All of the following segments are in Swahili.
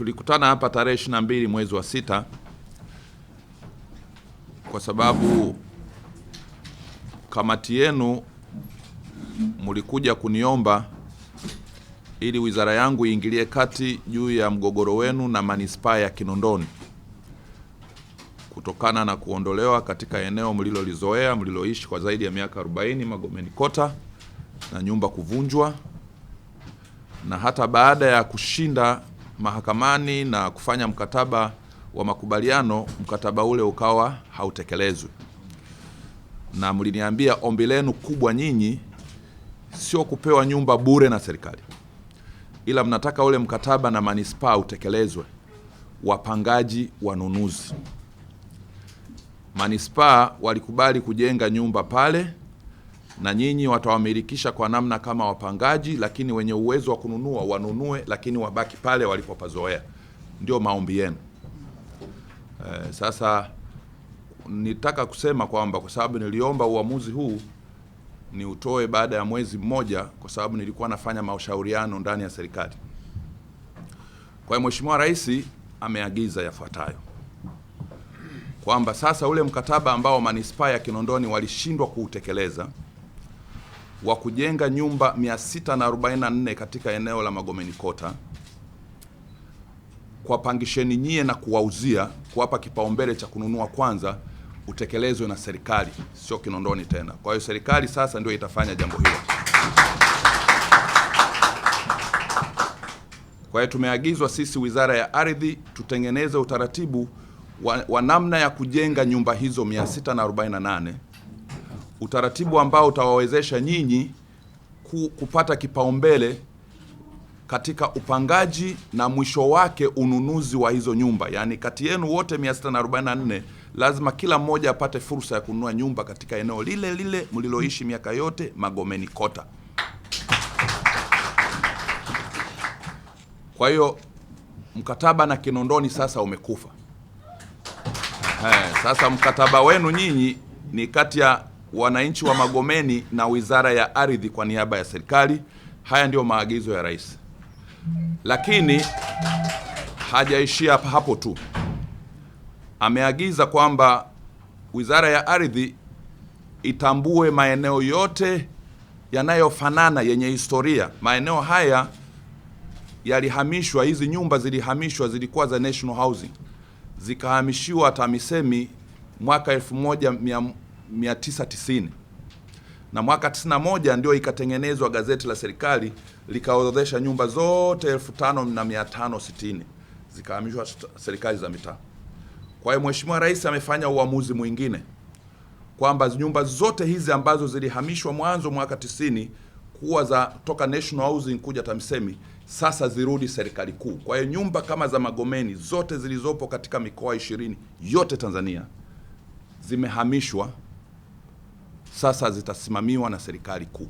tulikutana hapa tarehe 22 mwezi wa sita kwa sababu kamati yenu mlikuja kuniomba ili wizara yangu iingilie kati juu ya mgogoro wenu na manispaa ya Kinondoni kutokana na kuondolewa katika eneo mlilolizoea mliloishi kwa zaidi ya miaka 40 Magomeni Kota na nyumba kuvunjwa na hata baada ya kushinda mahakamani na kufanya mkataba wa makubaliano, mkataba ule ukawa hautekelezwi, na mliniambia ombi lenu kubwa nyinyi sio kupewa nyumba bure na serikali, ila mnataka ule mkataba na manispaa utekelezwe, wapangaji wanunuzi. Manispaa walikubali kujenga nyumba pale na nyinyi watawamilikisha kwa namna kama wapangaji, lakini wenye uwezo wa kununua wanunue, lakini wabaki pale walipopazoea. Ndio maombi yenu. E, sasa nitaka kusema kwamba kwa sababu niliomba uamuzi huu ni utoe baada ya mwezi mmoja, kwa sababu nilikuwa nafanya mashauriano ndani ya serikali. Kwa hiyo Mheshimiwa Rais ameagiza yafuatayo kwamba sasa ule mkataba ambao manispaa ya Kinondoni walishindwa kuutekeleza wa kujenga nyumba 644 katika eneo la Magomeni Kota kwa pangisheni nyie na kuwauzia, kuwapa kipaumbele cha kununua kwanza, utekelezwe na serikali, sio Kinondoni tena. Kwa hiyo serikali sasa ndio itafanya jambo hilo. Kwa hiyo tumeagizwa sisi, Wizara ya Ardhi, tutengeneze utaratibu wa, wa namna ya kujenga nyumba hizo 648 utaratibu ambao utawawezesha nyinyi kupata kipaumbele katika upangaji na mwisho wake ununuzi wa hizo nyumba. Yaani, kati yenu wote 644 lazima kila mmoja apate fursa ya kununua nyumba katika eneo lile lile mliloishi miaka yote, Magomeni Kota. Kwa hiyo mkataba na Kinondoni sasa umekufa. He, sasa mkataba wenu nyinyi ni kati ya wananchi wa Magomeni na Wizara ya Ardhi kwa niaba ya serikali. Haya ndiyo maagizo ya rais, lakini hajaishia hapo tu. Ameagiza kwamba Wizara ya Ardhi itambue maeneo yote yanayofanana yenye historia. Maeneo haya yalihamishwa, hizi nyumba zilihamishwa, zilikuwa za National Housing, zikahamishiwa TAMISEMI mwaka elfu moja mia 990 na mwaka 91 ndio ikatengenezwa gazeti la serikali likaorodhesha nyumba zote 5560 zikahamishwa serikali za mitaa. Kwa hiyo Mheshimiwa Rais amefanya uamuzi mwingine kwamba nyumba zote hizi ambazo zilihamishwa mwanzo mwaka 90 kuwa za toka National Housing kuja TAMISEMI sasa zirudi serikali kuu. Kwa hiyo nyumba kama za Magomeni zote zilizopo katika mikoa ishirini yote Tanzania zimehamishwa sasa zitasimamiwa na serikali kuu,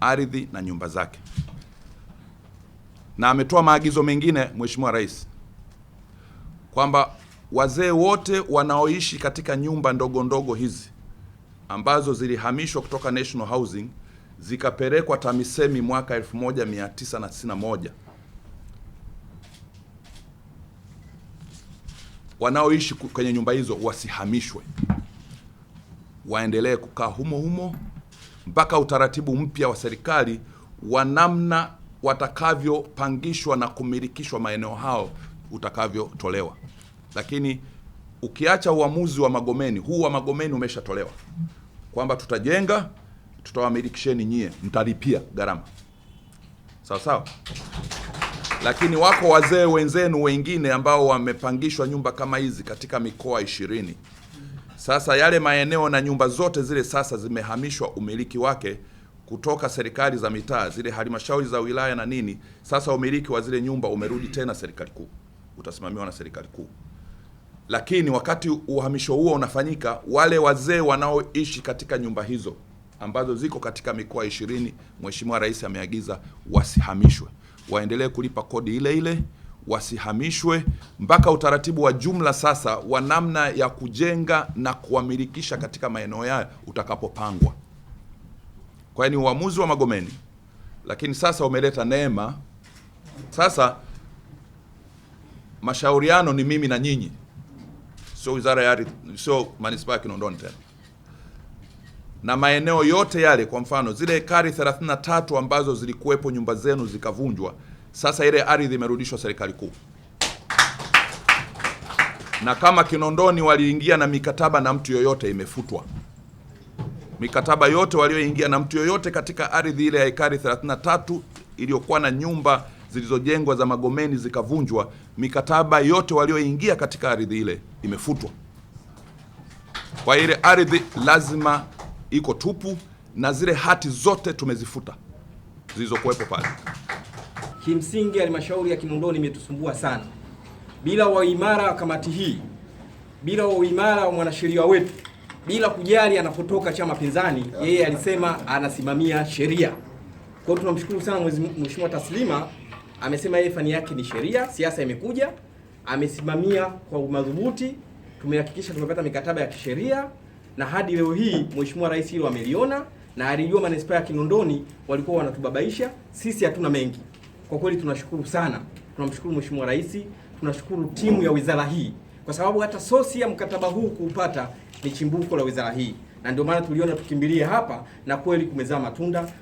ardhi na nyumba zake. Na ametoa maagizo mengine Mheshimiwa Rais kwamba wazee wote wanaoishi katika nyumba ndogo ndogo hizi ambazo zilihamishwa kutoka National Housing zikapelekwa TAMISEMI mwaka 1991 wanaoishi kwenye nyumba hizo wasihamishwe waendelee kukaa humo humo mpaka utaratibu mpya wa serikali wa namna watakavyopangishwa na kumilikishwa maeneo hao utakavyotolewa. Lakini ukiacha uamuzi wa Magomeni, huu wa Magomeni umeshatolewa kwamba tutajenga, tutawamilikisheni nyie, mtalipia gharama sawa sawa. Lakini wako wazee wenzenu wengine ambao wamepangishwa nyumba kama hizi katika mikoa ishirini. Sasa yale maeneo na nyumba zote zile sasa zimehamishwa umiliki wake kutoka serikali za mitaa, zile halmashauri za wilaya na nini. Sasa umiliki wa zile nyumba umerudi tena serikali kuu, utasimamiwa na serikali kuu. Lakini wakati uhamisho huo unafanyika, wale wazee wanaoishi katika nyumba hizo ambazo ziko katika mikoa ishirini, Mheshimiwa Rais ameagiza wasihamishwe, waendelee kulipa kodi ile ile wasihamishwe mpaka utaratibu wa jumla sasa wa namna ya kujenga na kuwamilikisha katika maeneo yayo utakapopangwa. Kwa hiyo ni uamuzi wa Magomeni, lakini sasa umeleta neema. Sasa mashauriano ni mimi na nyinyi, sio wizara ya ardhi, sio manispaa ya Kinondoni tena, na maeneo yote yale. Kwa mfano zile ekari 33 ambazo zilikuwepo nyumba zenu zikavunjwa sasa ile ardhi imerudishwa serikali kuu, na kama Kinondoni waliingia na mikataba na mtu yoyote imefutwa. Mikataba yote walioingia na mtu yoyote katika ardhi ile ya ekari 33 iliyokuwa na nyumba zilizojengwa za Magomeni zikavunjwa, mikataba yote walioingia katika ardhi ile imefutwa. Kwa ile ardhi lazima iko tupu, na zile hati zote tumezifuta zilizokuwepo pale. Kimsingi halmashauri ya Kinondoni imetusumbua sana. Bila waimara wa kamati hii, bila waimara wa mwanasheria wetu, bila kujali anapotoka chama pinzani, yeye alisema anasimamia sheria. Kwa hiyo tunamshukuru sana Mheshimiwa Taslima, amesema yeye fani yake ni sheria, siasa imekuja, amesimamia kwa madhubuti. Tumehakikisha tumepata mikataba ya kisheria na hadi leo hii Mheshimiwa Rais hilo ameliona na alijua manispaa ya Kinondoni walikuwa wanatubabaisha sisi, hatuna mengi kwa kweli tunashukuru sana, tunamshukuru Mheshimiwa Rais, tunashukuru timu ya wizara hii, kwa sababu hata sosi ya mkataba huu kuupata ni chimbuko la wizara hii, na ndio maana tuliona tukimbilie hapa na kweli kumezaa matunda.